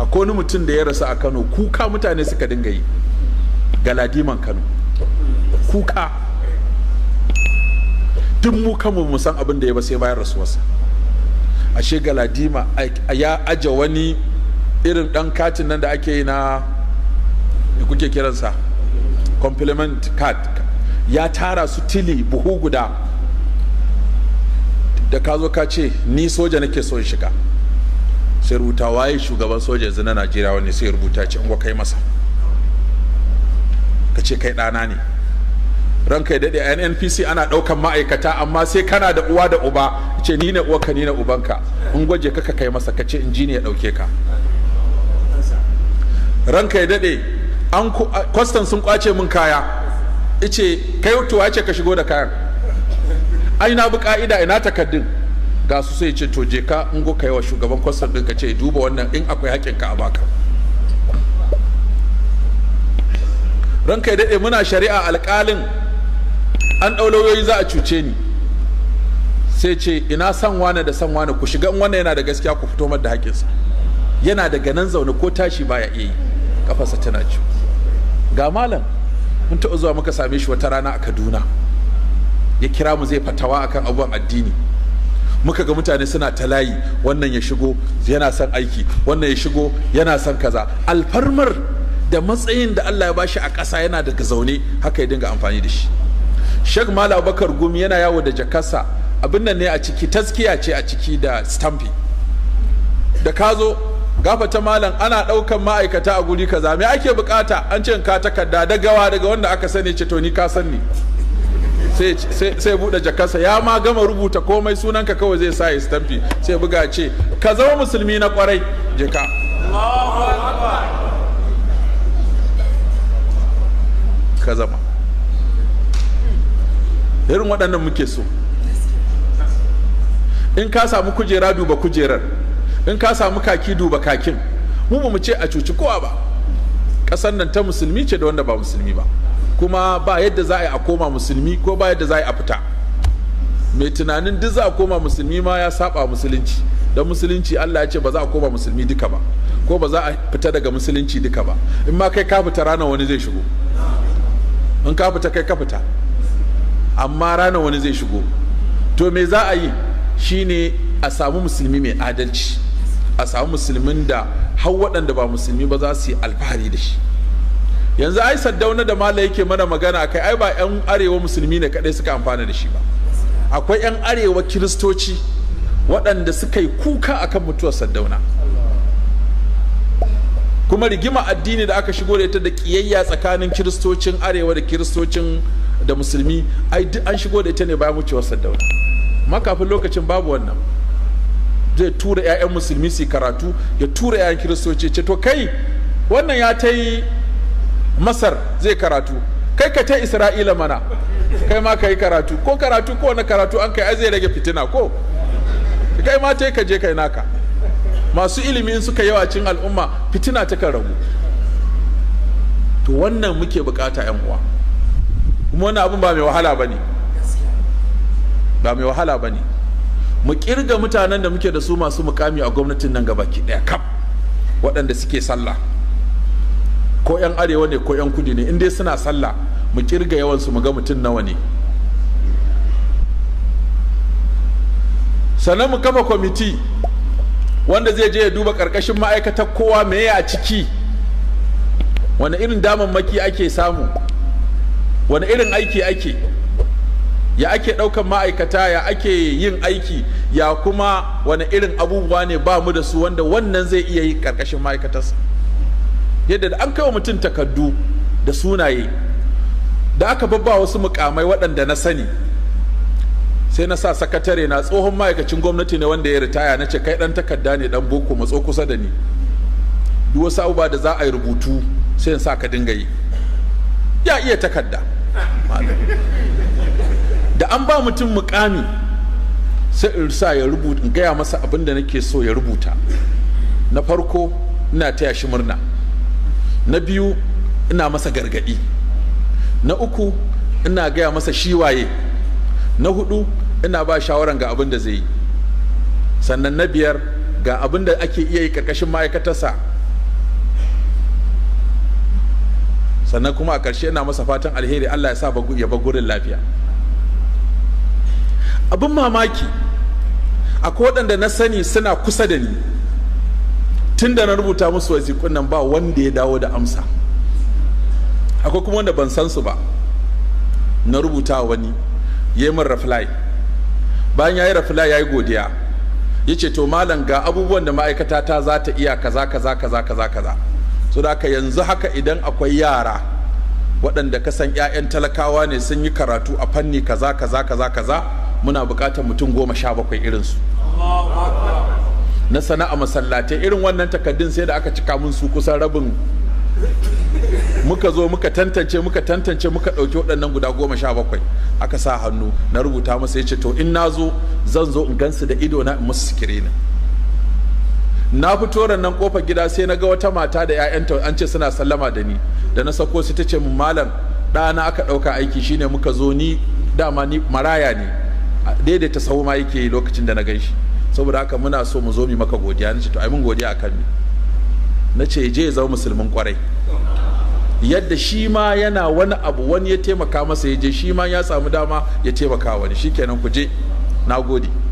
a wani mutum da ya rasu a kano kuka mutane suka dinga yi galadiman kano kuka duk mu kanmu mu san abin da ya ba sai bayan rasuwarsa ashe galadima ya aje wani irin dan katin nan da ake yi na kuke kiransa complement card ya tara su tili buhu guda da ka zo ka ce ni soja nake so son shiga sai rubuta waye shugaban soja yanzu na najeriya wani sai rubuta ce wa kai masa ka ce kai ɗana ne ranka ya daɗe a nnpc ana ɗaukan ma'aikata amma sai kana da uwa da uba ce ni ne uwarka ni ne ubanka in gwaje ka ka kai masa ka ce in ji ne ya ɗauke ka ranka ya daɗe an kwastan sun kwace min kaya ice kai tuwa ce ka shigo da kayan ai na bi ka'ida ina takaddun ga su sai ce to je ka in go kai wa shugaban kwastar ɗin ka ce duba wannan in akwai haƙƙin ka a baka ranka ya daɗe muna shari'a alƙalin an ɗau lauyoyi za a cuce ni sai ce ina san wane da san wane ku shiga in wannan yana da gaskiya ku fito mar da haƙinsa yana daga nan zaune ko tashi baya iya yi kafarsa tana ci ga malam mun taɓa zuwa muka same shi wata rana a kaduna ya kira mu zai fatawa akan abubuwan addini muka ga mutane suna ta layi wannan ya shigo yana son aiki wannan ya shigo yana son kaza alfarmar da matsayin da Allah ya bashi a ƙasa yana daga zaune haka ya dinga amfani da shi Sheikh mala Abubakar Gumi yana yawo da jakarsa abin nan ne a ciki taskiya ce a ciki da stampi da ka zo gafa ta malam ana ɗaukan ma'aikata a guri kaza me ake bukata an ce in ka takarda da gawa daga wanda aka sani ce to ni ka ni sai buɗe jakarsa ya ma gama rubuta komai sunanka kawai zai sa ya stamfi sai buga ce ka zama musulmi na kwarai jika ka zama irin waɗannan muke so in ka samu kujera duba kujerar in ka samu kaki duba kakin mu mu ce a cuci kowa ba ƙasar nan ta musulmi ce da wanda ba musulmi ba kuma ba yadda za a yi a koma musulmi ko ba yadda za a yi a fita mai tunanin duk za a koma musulmi ma ya saba musulunci don musulunci Allah ya ce ba za a koma musulmi duka ba ko ba za a fita daga musulunci duka ba in ma kai ka fita ranar wani zai shigo in ka fita kai ka fita amma ranar wani zai shigo to me za a yi shine a samu musulmi mai adalci a samu musulmin da har waɗanda ba musulmi ba za su yi alfahari da shi yanzu ai saddauna da mala yake mana magana kai ai ba yan arewa musulmi ne kadai suka amfana da shi ba akwai yan arewa kiristoci waɗanda suka yi kuka akan mutuwar saddauna kuma rigima addini da aka shigo da ita da kiyayya tsakanin kiristocin arewa da kiristocin da musulmi ai duk an shigo da ita ne bayan wucewar saddauna makafin lokacin babu wannan zai tura 'ya'yan musulmi su karatu ya tura 'ya'yan kiristoci ce to kai wannan ya ta yi masar zai karatu kai ka ta isra'ila mana kai ma ka yi karatu ko karatu ko wani karatu an kai zai rage fitina ko kai ma ta ka je kai naka masu in suka yawa cin al'umma fitina ta kan ragu to wannan muke bukata yan uwa kuma wannan abin ba mai wahala ba ne. ba mai wahala ba ne. mu kirga mutanen da muke da su masu mukami a gwamnatin nan gaba ki ɗaya kam waɗanda suke sallah ko 'yan arewa ne ko 'yan kudi ne in dai suna sallah mu kirga yawansu mu ga mutum nawa ne sannan mu kafa kwamiti wanda zai je ya duba ƙarƙashin ma'aikatar kowa meye a ciki wani irin damammaki ake samu wani irin aiki ake ya ake ɗaukan ma'aikata ya ake yin aiki ya kuma wani irin abubuwa ne ba mu da su wanda wannan zai iya yi ƙarƙashin ma'aikatarsa yadda da an kai wa mutum takardu da sunaye da aka babba wasu mukamai waɗanda na sani sai na sa sakatare na tsohon ma'aikacin gwamnati ne wanda ya ritaya na ce kai dan takarda ne ɗan boko matso kusa da ni duk wasu abubuwa da za a yi rubutu sai sa ka dinga yi ya iya takarda da an ba mutum mukami sai in sa ya rubuta in gaya masa abin da nake so ya rubuta na farko ina taya shi murna na biyu ina masa gargadi na uku ina gaya masa shiwaye. na hudu ina ba shawaran ga abin da zai yi sannan na biyar ga abin da ake iya yi karkashin ma'aikatarsa sannan kuma a ƙarshe ina masa fatan alheri allah ya sa ya gurin lafiya abin mamaki akwai waɗanda na sani suna kusa da ni tun da na rubuta musu wasiƙun nan ba wanda ya dawo da amsa akwai kuma wanda ban san su ba na rubuta wani ya yi min raflai bayan ya yi raflai ya yi godiya ya ce to malam ga abubuwan da ma'aikata ta za ta iya kaza kaza kaza kaza kaza so da yanzu haka idan akwai yara waɗanda ka san 'ya'yan talakawa ne sun yi karatu a fanni kaza kaza kaza kaza muna buƙatar mutum goma sha bakwai irinsu na sana'a masallatai irin wannan takaddun sai da aka cika mun su kusan rabin muka zo muka tantance muka tantance muka ɗauki waɗannan guda goma sha bakwai aka sa hannu na rubuta masa ya ce to in na zo zan zo in gansu da ido na in sikiri ne na fito nan kofar gida sai na ga wata mata da 'ya'yanta an ce suna sallama da ni da na sako su ta ce mun malam ɗana aka ɗauka aiki shine muka zo ni dama ni maraya ne daidaita sahu ma yake lokacin da na gan shi saboda haka muna so mu zo mu maka godiya ce to ai mun godiya akan na ce je ya zama musulmin kwarai yadda shi ma yana wani abu wani ya taimaka masa ya je shi ma ya samu dama ya taimaka wani shi shikenan ku je na gode